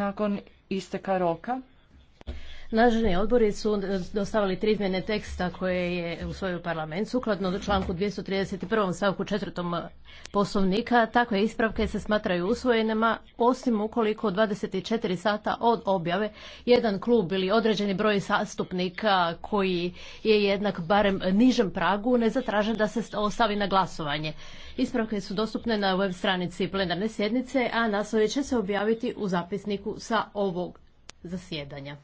nakon isteka roka Nadležni odbori su dostavili tri izmjene teksta koje je u usvojio parlament sukladno do članku 231. stavku 4. poslovnika. Takve ispravke se smatraju usvojenima osim ukoliko 24 sata od objave jedan klub ili određeni broj zastupnika koji je jednak barem nižem pragu ne zatraže da se ostavi na glasovanje. Ispravke su dostupne na web stranici plenarne sjednice, a naslovi će se objaviti u zapisniku sa ovog zasjedanja.